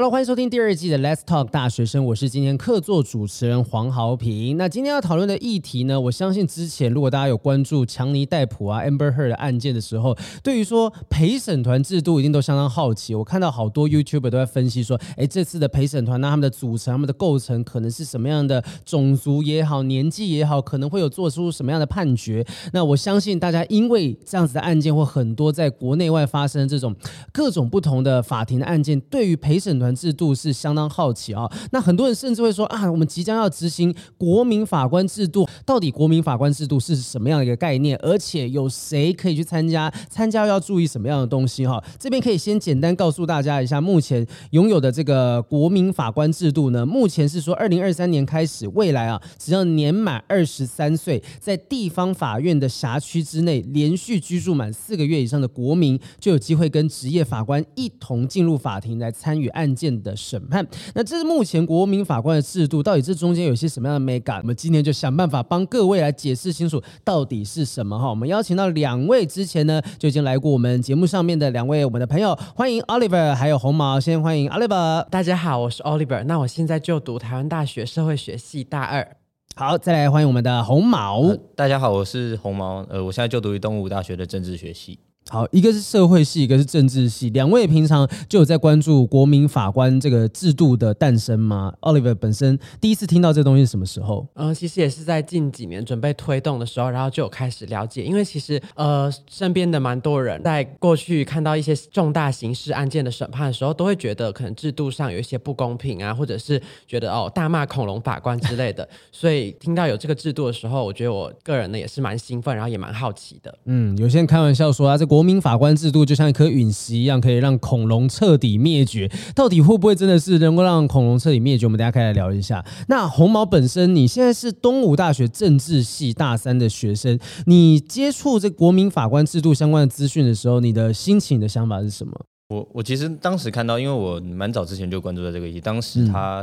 Hello，歡迎收聽第二季的《Let's Talk 大學生》，我是今天客座主持人黃豪平。那今天要討論的議題呢，我相信之前如果大家有關注強尼戴普啊、Amber Heard 的案件的時候，對於說陪審團制度一定都相當好奇。我看到好多 YouTuber 都在分析說，哎，這次的陪審團，那他們的組成、他們的構成可能是什麼樣的種族也好、年紀也好，可能會有做出什麼樣的判決。那我相信大家因為這樣子的案件或很多在國內外發生的這種各種不同的法庭的案件，對於陪審團制度是相當好奇啊、哦，那很多人甚至會說啊，我們即將要執行國民法官制度，到底國民法官制度是什麼樣的一個概念？而且有誰可以去參加？參加要注意什麼樣的東西，哦？哈，這邊可以先簡單告訴大家一下，目前擁有的這個國民法官制度呢，目前是說二零二三年開始，未來啊，只要年滿二十三歲，在地方法院的轄區之內，連續居住滿四個月以上的國民，就有機會跟職業法官一同進入法庭來參與案件件的審判，那這是目前國民法官的制度，到底這中間有些什麼樣的眉角？我們今天就想辦法幫各位來解釋清楚到底是什麼哈。我們邀請到兩位之前呢就已經來過我們節目上面的兩位我們的朋友，歡迎 Oliver 還有紅毛。先歡迎 Oliver，大家好，我是 Oliver，那我現在就讀台灣大學社會學系大二。好，再來歡迎我們的紅毛。呃，大家好，我是紅毛，呃，我現在就讀於東吳大學的政治學系。好，一個是社會系，一個是政治系。兩位平常就有在關注國民法官這個制度的誕生嗎？Oliver 本身第一次聽到這東西是什麼時候？嗯，其實也是在近幾年準備推動的時候，然後就有開始了解。因為其實呃，身邊的蠻多人在過去看到一些重大刑事案件的審判的時候，都會覺得可能制度上有一些不公平啊，或者是覺得哦，大罵恐龍法官之類的。 所以聽到有這個制度的時候，我覺得我個人呢，也是蠻興奮，然後也蠻好奇的。嗯，有些人開玩笑說啊，這國國民法官制度就像一顆隕石一樣，可以讓恐龍徹底滅絕。到底會不會真的是能夠讓恐龍徹底滅絕？我們大家可以來聊一下。那紅毛本身，你現在是東吳大學政治系大三的學生，你接觸這國民法官制度相關的資訊的時候，你的心情、的想法是什麼？我我其實當時看到，因為我蠻早之前就關注了這個議題，當時他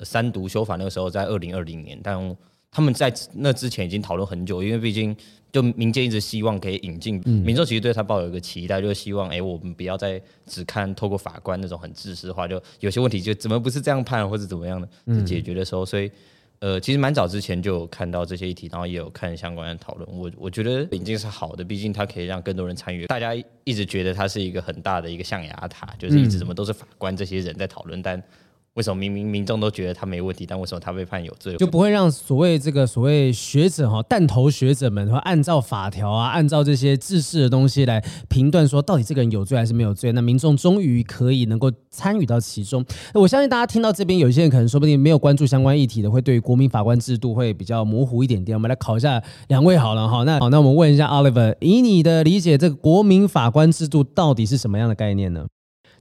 三讀修法那個時候在二零二零年，但他們在那之前已經討論很久，因為畢竟就民間一直希望可以引進、嗯、民眾，其實對他抱有一個期待，就是希望哎、欸，我們不要再只看透過法官那種很自私的話，就有些問題就怎麼不是這樣判，或者怎麼樣的解決的時候，嗯、所以呃，其實蠻早之前就有看到這些議題，然後也有看相關的討論。我我覺得引進是好的，畢竟它可以讓更多人參與。大家一直覺得它是一個很大的一個象牙塔，就是一直怎麼都是法官這些人在討論，嗯、但為什麼明明民眾都覺得他沒問題，但為什麼他被判有罪？就不會讓所謂這個所謂學者哈蛋頭學者們，按照法條啊，按照這些制式的東西來評斷說，到底這個人有罪還是沒有罪？那民眾終於可以能夠參與到其中。那我相信大家聽到這邊，有一些人可能說不定沒有關注相關議題的，會對於國民法官制度會比較模糊一點點。我們來考一下兩位好了哈。那好，那我們問一下 Oliver，以你的理解，這個國民法官制度到底是什麼樣的概念呢？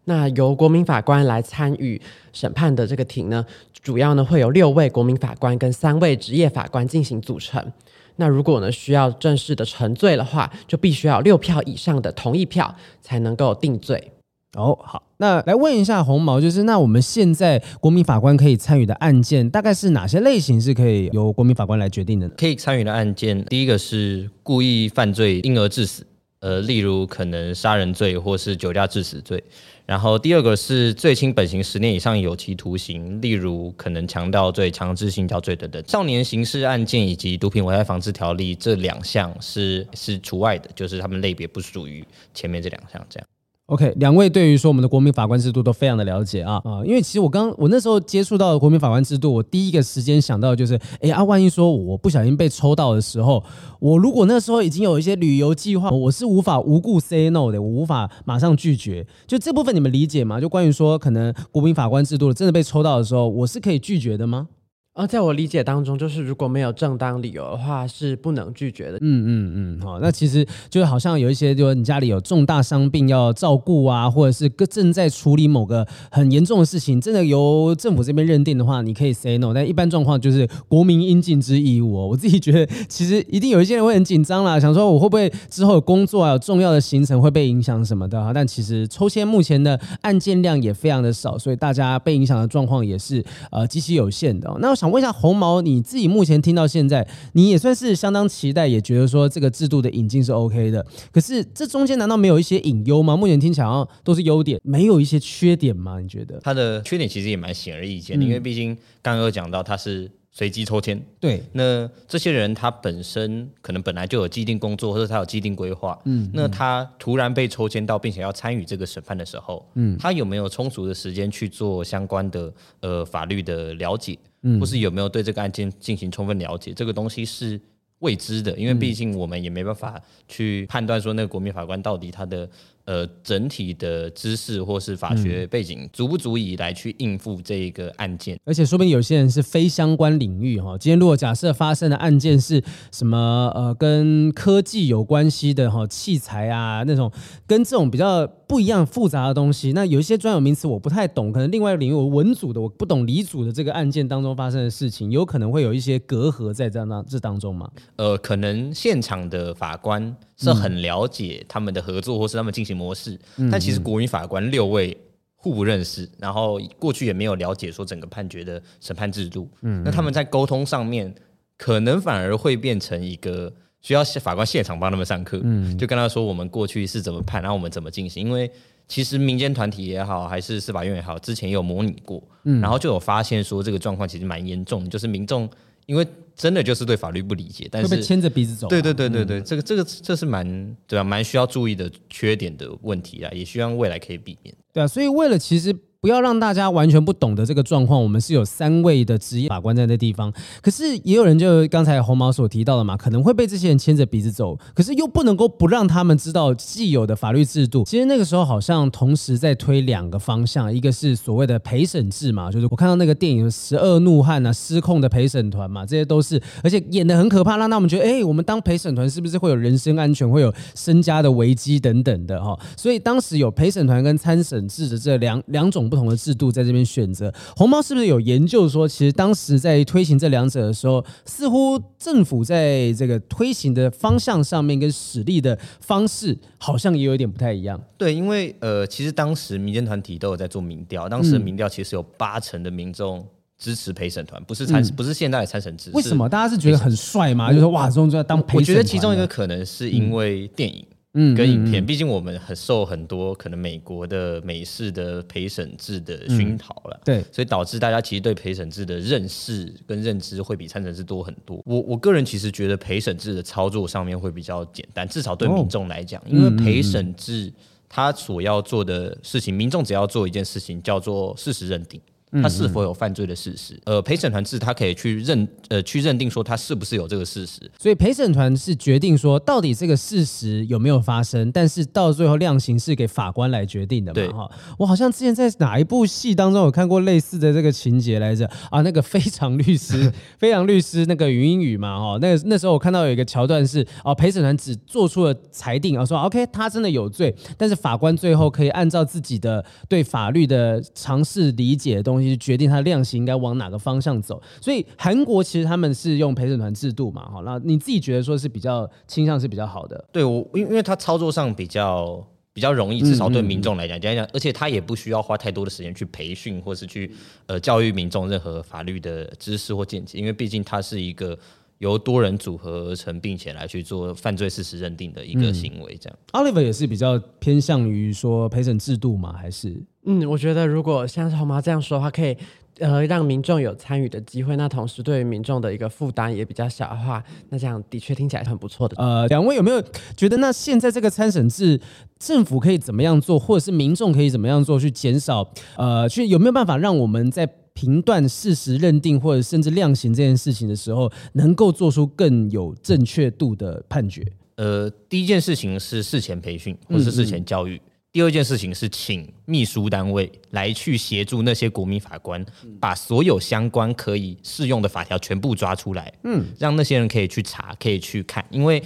那由國民法官來參與審判的這個庭呢，主要呢會有六位國民法官跟三位職業法官進行組成。那如果呢需要正式的定罪的話，就必須要六票以上的同意票才能夠定罪。哦，好，那來問一下紅毛，就是那我們現在國民法官可以參與的案件，大概是哪些類型是可以由國民法官來決定的呢？可以參與的案件，第一個是故意犯罪因而致死，呃，例如可能殺人罪或是酒駕致死罪。然後第二個是最輕本刑十年以上有期徒刑，例如可能強盜罪、強制性交罪等等。少年刑事案件以及毒品危害防治條例這兩項是是除外的，就是他們類別不屬於前面這兩項這樣。OK，兩位對於說我們的國民法官制度都非常的了解啊啊，因為其實我剛我那時候接觸到的國民法官制度，我第一個時間想到就是，哎啊，萬一說我不小心被抽到的時候，我如果那時候已經有一些旅遊計劃，我是無法無故 say no 的，我無法馬上拒絕。就這部分你們理解嗎？就關於說可能國民法官制度真的被抽到的時候，我是可以拒絕的嗎？啊、哦，在我理解當中，就是如果沒有正當理由的話，是不能拒絕的。嗯嗯嗯，好，那其實就好像有一些，就是你家裡有重大傷病要照顧啊，或者是個正在處理某個很嚴重的事情，真的由政府這邊認定的話，你可以 say no。但一般狀況就是國民應盡之義務、哦。我自己覺得，其實一定有一些人會很緊張啦，想說我會不會之後有工作啊、有重要的行程會被影響什麼的、啊。但其實抽籤目前的案件量也非常的少，所以大家被影響的狀況也是呃極其有限的、哦。那想問一下紅毛，你自己目前聽到現在，你也算是相當期待，也覺得說這個制度的引進是 OK 的。可是這中間難道沒有一些隱憂嗎？目前聽起來好像都是優點，沒有一些缺點嗎？你覺得？它的缺點其實也蠻顯而易見的，嗯、因為畢竟剛剛有講到它是隨機抽籤，對，那這些人他本身可能本來就有既定工作，或者他有既定規劃，嗯，嗯，那他突然被抽籤到，並且要參與這個審判的時候，嗯，他有沒有充足的時間去做相關的呃法律的了解？或、嗯、是有沒有對這個案件進行充分了解？這個東西是未知的，因為畢竟我們也沒辦法去判斷說，那個國民法官到底他的呃整體的知識或是法學背景足不足以來去應付這一個案件。嗯、而且說不定有些人是非相關領域哈。今天如果假設發生的案件是什麼呃跟科技有關係的哈、哦、器材啊那種跟這種比較。不一樣複雜的東西，那有一些專有名詞我不太懂，可能另外一領域我文組的我不懂，理組的這個案件當中發生的事情，有可能會有一些隔閡在這那這當中嗎？呃，可能現場的法官是很了解他們的合作或是他們進行模式，嗯、但其實國民法官六位互不認識，然後過去也沒有了解說整個判決的審判制度，嗯嗯，那他們在溝通上面可能反而會變成一個。需要法官現場幫他們上課，就跟他說我們過去是怎麼判，然後我們怎麼進行。因為其實民間團體也好，還是司法院也好，之前有模擬過，嗯，然後就有發現說這個狀況其實蠻嚴重，就是民眾因為真的就是對法律不理解，但是被牽著鼻子走啊。對對對對對，這個這個這是蠻對吧，啊，蠻需要注意的缺點的問題啊，也希望未來可以避免。對啊，所以為了其實。不要讓大家完全不懂得這個狀況。我們是有三位的職業法官在那地方，可是也有人就剛才紅毛所提到的嘛，可能會被這些人牽着鼻子走，可是又不能夠不讓他們知道既有的法律制度。其實那個時候好像同時在推兩個方向，一個是所謂的陪審制嘛，就是我看到那個電影《十二怒漢》啊，《失控的陪審團》嘛，這些都是，而且演的很可怕，讓那我們覺得，哎、欸，我們當陪審團是不是會有人身安全，會有身家的危機等等的哈、哦？所以當時有陪審團跟參審制的這兩兩種。不同的制度在這邊選擇，紅毛是不是有研究說，其實當時在推行這兩者的時候，似乎政府在這個推行的方向上面跟使力的方式，好像也有點不太一樣。對，因為呃，其實當時民間團體都有在做民調，當時的民調其實有八成的民眾支持陪審團，不是參、嗯、不是現代的參審制。為什麼？大家是覺得很帥嗎？就是哇，這種就要當陪審。我覺得其中一個可能是因為電影。嗯跟影片，畢、嗯嗯、竟我們很受很多可能美國的美式的陪審制的熏陶了、嗯，對，所以導致大家其實對陪審制的認識跟認知會比參審制多很多。我我個人其實覺得陪審制的操作上面會比較簡單，至少對民眾來講，哦、因為陪審制他所要做的事情，嗯、民眾只要做一件事情，叫做事實認定。他是否有犯罪的事實？嗯嗯、呃，陪審團是他可以去認，呃，去認定說他是不是有這個事實。所以陪審團是決定說到底這個事實有沒有發生，但是到最後量刑是給法官來決定的嘛？哈對、哦，我好像之前在哪一部戲當中有看過類似的這個情節來着啊？那個《非常律師》《 非常律師》那個禹英禑嘛？哈、哦，那個那時候我看到有一個橋段是啊、哦，陪審團只做出了裁定啊，說 OK，他真的有罪，但是法官最後可以按照自己的對法律的嘗試理解的東西。決定他量刑應該往哪個方向走，所以韓國其實他們是用陪審團制度嘛，哈，那你自己覺得說是比較傾向是比較好的？對我，因因為它操作上比較比較容易，至少對民眾來講，講講、嗯嗯，而且他也不需要花太多的時間去培訓或是去呃教育民眾任何法律的知識或見解，因為畢竟他是一個。由多人組合而成，並且來去做犯罪事實認定的一個行為，這樣，嗯。Oliver 也是比較偏向於說陪審制度嗎？還是嗯，我覺得如果像紅毛這樣說的話，可以呃讓民眾有參與的機會，那同時對於民眾的一個負擔也比較小的話，那這樣的確聽起來是很不錯的。呃，兩位有沒有覺得，那現在這個參審制，政府可以怎麼樣做，或者是民眾可以怎麼樣做，去減少呃，去有沒有辦法讓我們在？停斷事實認定或者甚至量刑這件事情的時候，能夠做出更有正確度的判決。呃，第一件事情是事前培訓，或是事前教育；嗯嗯、第二件事情是請秘書單位來去協助那些國民法官，嗯、把所有相關可以適用的法條全部抓出來，嗯，讓那些人可以去查，可以去看。因為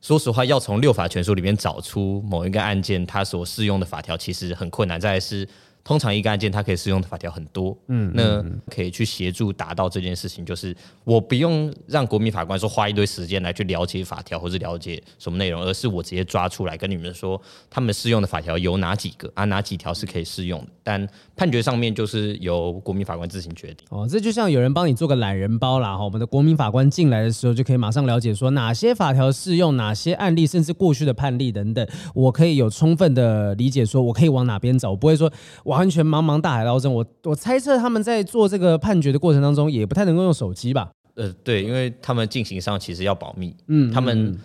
說實話，要從六法全書裡面找出某一個案件它所適用的法條，其實很困難。再來是。通常一個案件，它可以適用的法條很多，嗯，那可以去協助達到這件事情，就是我不用讓國民法官說花一堆時間來去了解法條或者了解什麼內容，而是我直接抓出來跟你們說，他們適用的法條有哪幾個啊？哪幾條是可以適用的？但判決上面就是由國民法官自行決定。哦，這就像有人幫你做個懶人包啦哈，我們的國民法官進來的時候就可以馬上了解說哪些法條適用，哪些案例，甚至過去的判例等等，我可以有充分的理解，說我可以往哪邊走，我不會說往。完全茫茫大海撈針。我我猜測他們在做這個判決的過程當中，也不太能夠用手機吧？呃，對，因為他們進行上其實要保密。嗯，他們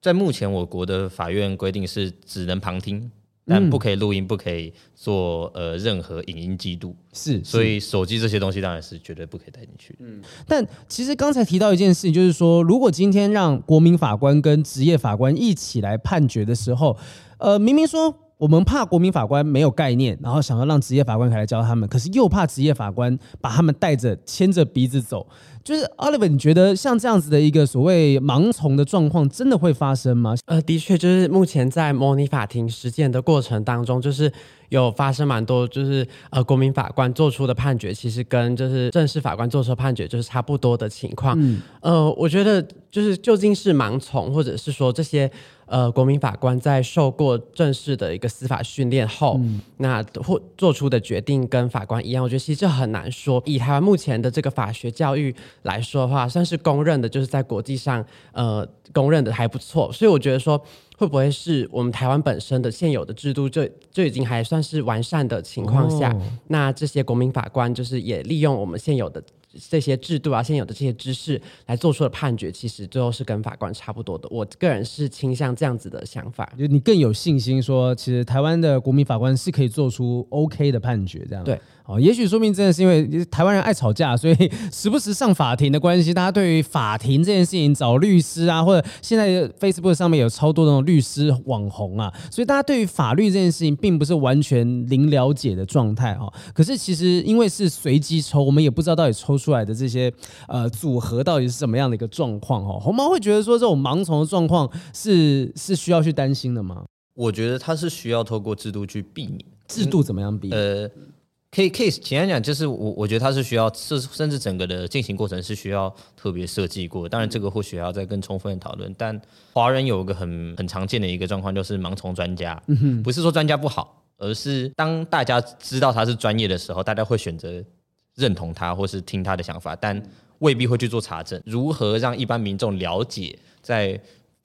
在目前我國的法院規定是只能旁聽，嗯、但不可以錄音，不可以做呃任何影音記錄。是，所以手機這些東西當然是絕對不可以帶進去。嗯，嗯但其實剛才提到一件事情，就是說，如果今天讓國民法官跟職業法官一起來判決的時候，呃，明明說。我們怕國民法官沒有概念，然後想要讓職業法官可以來教他們，可是又怕職業法官把他們帶着牽着鼻子走。就是 Oliver，你覺得像這樣子的一個所謂盲從的狀況，真的會發生嗎？呃，的確，就是目前在模擬法庭實踐的過程當中，就是有發生蠻多，就是呃國民法官做出的判決，其實跟就是正式法官做出的判決就是差不多的情況。嗯，呃，我覺得就是究竟是盲從，或者是說這些。呃，國民法官在受過正式的一個司法訓練後，嗯、那或做出的決定跟法官一樣，我覺得其實這很難說。以台灣目前的這個法學教育來說的話，算是公認的，就是在國際上呃公認的還不錯。所以我覺得說，會不會是我們台灣本身的現有的制度就，就就已經還算是完善的情況下，哦、那這些國民法官就是也利用我們現有的。這些制度啊，現有的這些知識來做出的判決，其實最後是跟法官差不多的。我個人是傾向這樣子的想法，就你更有信心說，其實台灣的國民法官是可以做出 OK 的判決，這樣。對。哦，也許說明真的是因為台灣人愛吵架，所以時不時上法庭的關係，大家對於法庭這件事情找律師啊，或者現在 Facebook 上面有超多的那種律師網紅啊，所以大家對於法律這件事情並不是完全零了解的狀態哦。可是其實因為是隨機抽，我們也不知道到底抽出來的這些呃組合到底是什麼樣的一個狀況哦。紅毛會覺得說，這種盲從的狀況是是需要去擔心的嗎？我覺得它是需要透過制度去避免，制度怎麼樣避免？嗯，呃。可以，可以簡單講，就是我我覺得他是需要，甚至整個的進行過程是需要特別設計過的。當然，這個或許還要再更充分的討論。但華人有一個很很常見的一個狀況，就是盲從專家。不是說專家不好，而是當大家知道他是專業的時候，大家會選擇認同他，或是聽他的想法，但未必會去做查證。如何讓一般民眾了解，在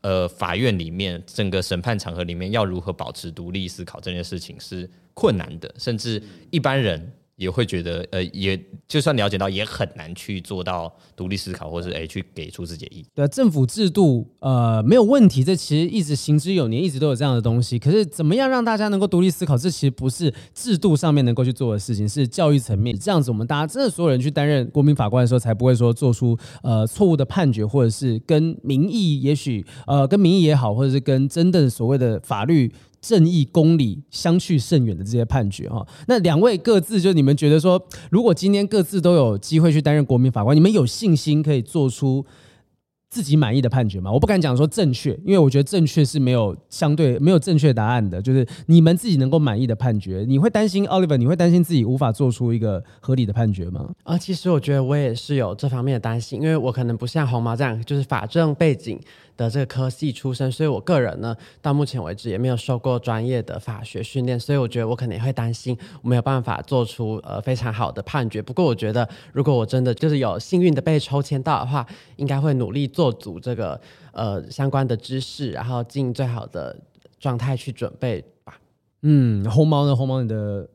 呃，法院裡面整個審判場合裡面要如何保持獨立思考，這件事情是困難的，甚至一般人。也會覺得，呃，也就算了解到，也很難去做到獨立思考，或是誒，去給出自己的意見。對政府制度，呃，沒有問題，這其實一直行之有年，一直都有這樣的東西。可是，怎麼樣讓大家能夠獨立思考，這其實不是制度上面能夠去做的事情，是教育層面。這樣子，我們大家真的所有人去擔任國民法官的時候，才不會說做出呃錯誤的判決，或者是跟民意，也許呃跟民意也好，或者是跟真正所謂的法律正義公理相去甚遠的這些判決哈，那兩位各自就你們覺得說，如果今天各自都有機會去擔任國民法官，你們有信心可以做出自己滿意的判決嗎？我不敢講說正確，因為我覺得正確是沒有相對沒有正確答案的，就是你們自己能夠滿意的判決。你會擔心 Oliver，你會擔心自己無法做出一個合理的判決嗎？啊、呃，其實我覺得我也是有這方面的擔心，因為我可能不像紅毛這樣，就是法政背景的這個科系出身，所以我個人呢，到目前為止也沒有受過專業的法學訓練，所以我覺得我可能也會擔心，我沒有辦法做出呃非常好的判決。不過我覺得，如果我真的就是有幸運的被抽籤到的話，應該會努力。做足這個呃相關的知識，然後盡最好的狀態去準備吧。嗯，紅毛呢？紅毛，你的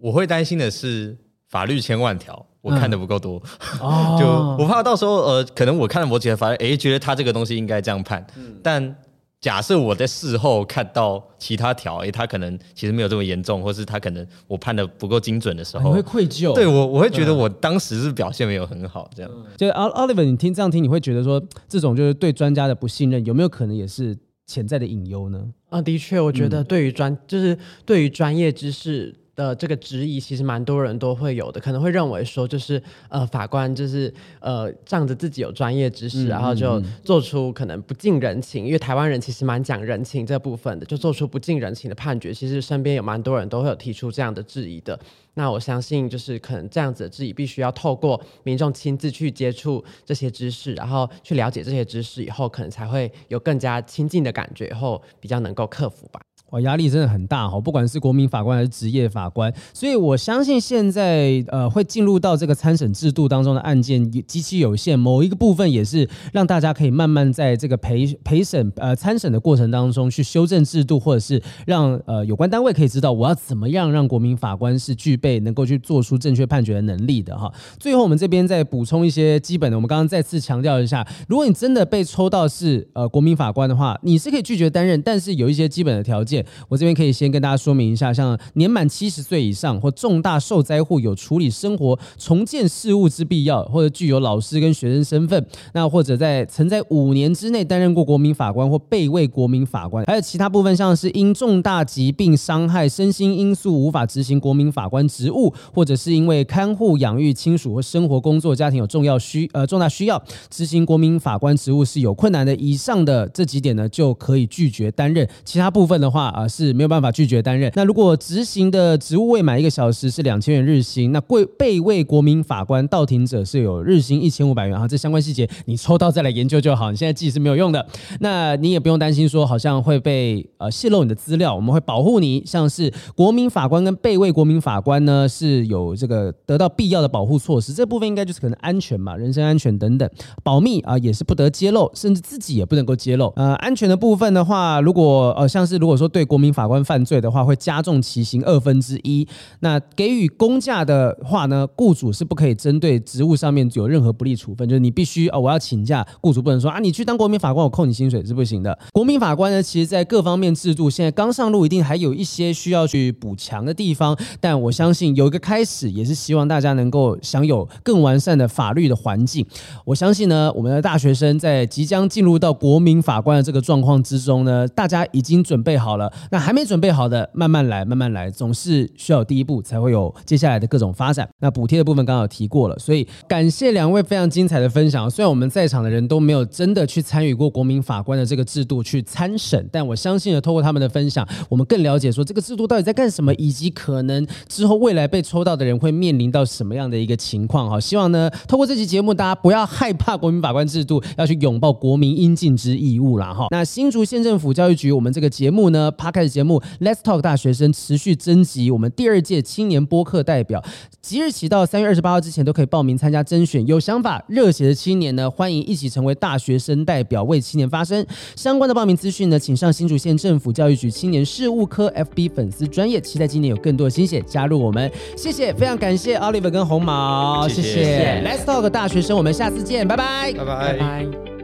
我會擔心的是法律千萬條，我看的不夠多，嗯、 就我怕到時候呃，可能我看了某幾條法律，哎、欸，覺得他這個東西應該這樣判，嗯、但。假設我在事後看到其他條，哎，他可能其實沒有這麼嚴重，或是他可能我判得不夠精準的時候，我會愧疚，啊。對我，我會覺得我當時是表現沒有很好，這樣。嗯、就 Ol Oliver，你聽這樣聽，你會覺得說這種就是對專家的不信任，有沒有可能也是潛在的隱憂呢？嗯、啊，的確，我覺得對於專，就是對於專業知識。的這個質疑其實蠻多人都會有的，可能會認為說就是呃法官，就是呃仗着自己有專業知識，然後就做出可能不近人情，因為台灣人其實蠻講人情這部分的，就做出不近人情的判決。其實身邊有蠻多人都會有提出這樣的質疑的。那我相信，就是可能這樣子的質疑，必須要透過民眾親自去接觸這些知識，然後去了解這些知識以後，可能才會有更加親近的感覺，以後比較能夠克服吧。哇，壓力真的很大哈，不管是國民法官還是職業法官，所以我相信現在呃會進入到這個參審制度當中的案件極其有限，某一個部分也是讓大家可以慢慢在這個陪陪審呃參審的過程當中去修正制度，或者是讓呃有關單位可以知道我要怎麼樣讓國民法官是具備能夠去做出正確判決的能力的哈。最後我們這邊再補充一些基本的，我們剛剛再次強調一下，如果你真的被抽到是呃國民法官的話，你是可以拒絕擔任，但是有一些基本的條件。我這邊可以先跟大家說明一下，像年滿七十歲以上，或重大受災戶有處理生活重建事務之必要，或者具有老師跟學生身份，那或者在曾在五年之內擔任過國民法官或備位國民法官，還有其他部分，像是因重大疾病傷害身心因素無法執行國民法官職務，或者是因為看護養育親屬或生活工作家庭有重要需要，呃、重大需要執行國民法官職務是有困難的，以上的這幾點呢就可以拒絕擔任，其他部分的話，啊、呃，是沒有辦法拒絕擔任。那如果執行的職務未滿一個小時是兩千元日薪，那貴備位國民法官到庭者是有日薪一千五百元啊。這相關細節你抽到再來研究就好，你現在記是沒有用的。那你也不用擔心說好像會被呃洩露你的資料，我們會保護你。像是國民法官跟備位國民法官呢是有這個得到必要的保護措施，這部分應該就是可能安全嘛，人身安全等等，保密啊、呃、也是不得揭露，甚至自己也不能夠揭露。呃，安全的部分的話，如果呃像是如果說對國民法官犯罪的話，會加重其刑二分之一。2, 那給予公假的話呢，雇主是不可以針對職務上面有任何不利處分，就是你必須啊、哦，我要請假，雇主不能說啊，你去當國民法官，我扣你薪水是不行的。國民法官呢，其實，在各方面制度現在剛上路，一定還有一些需要去補強的地方。但我相信有一個開始，也是希望大家能夠享有更完善的法律的環境。我相信呢，我們的大學生在即將進入到國民法官的這個狀況之中呢，大家已經準備好了。那還沒準備好的，慢慢來，慢慢來，總是需要有第一步才會有接下來的各種發展。那補貼的部分剛好提過了，所以感謝兩位非常精彩的分享。雖然我們在場的人都沒有真的去參與過國民法官的這個制度去參審，但我相信呢，透過他們的分享，我們更了解說這個制度到底在幹什麼，以及可能之後未來被抽到的人會面臨到什麼樣的一個情況。哈，希望呢，透過這期節目，大家不要害怕國民法官制度，要去擁抱國民應盡之義務啦。哈，那新竹縣政府教育局，我們這個節目呢，Podcast 節目《Let's Talk 大學生》持續徵集我們第二屆青年播客代表，即日起到三月二十八號之前都可以報名參加甄選。有想法、熱血的青年呢，歡迎一起成為大學生代表，為青年發聲。相關的報名資訊呢，請上新竹縣政府教育局青年事務科 FB 粉絲專頁。期待今年有更多新血加入我們，謝謝，非常感謝 Oliver 跟紅毛，謝謝。謝 Let's Talk 大學生，我們下次見，拜拜，拜拜。拜拜。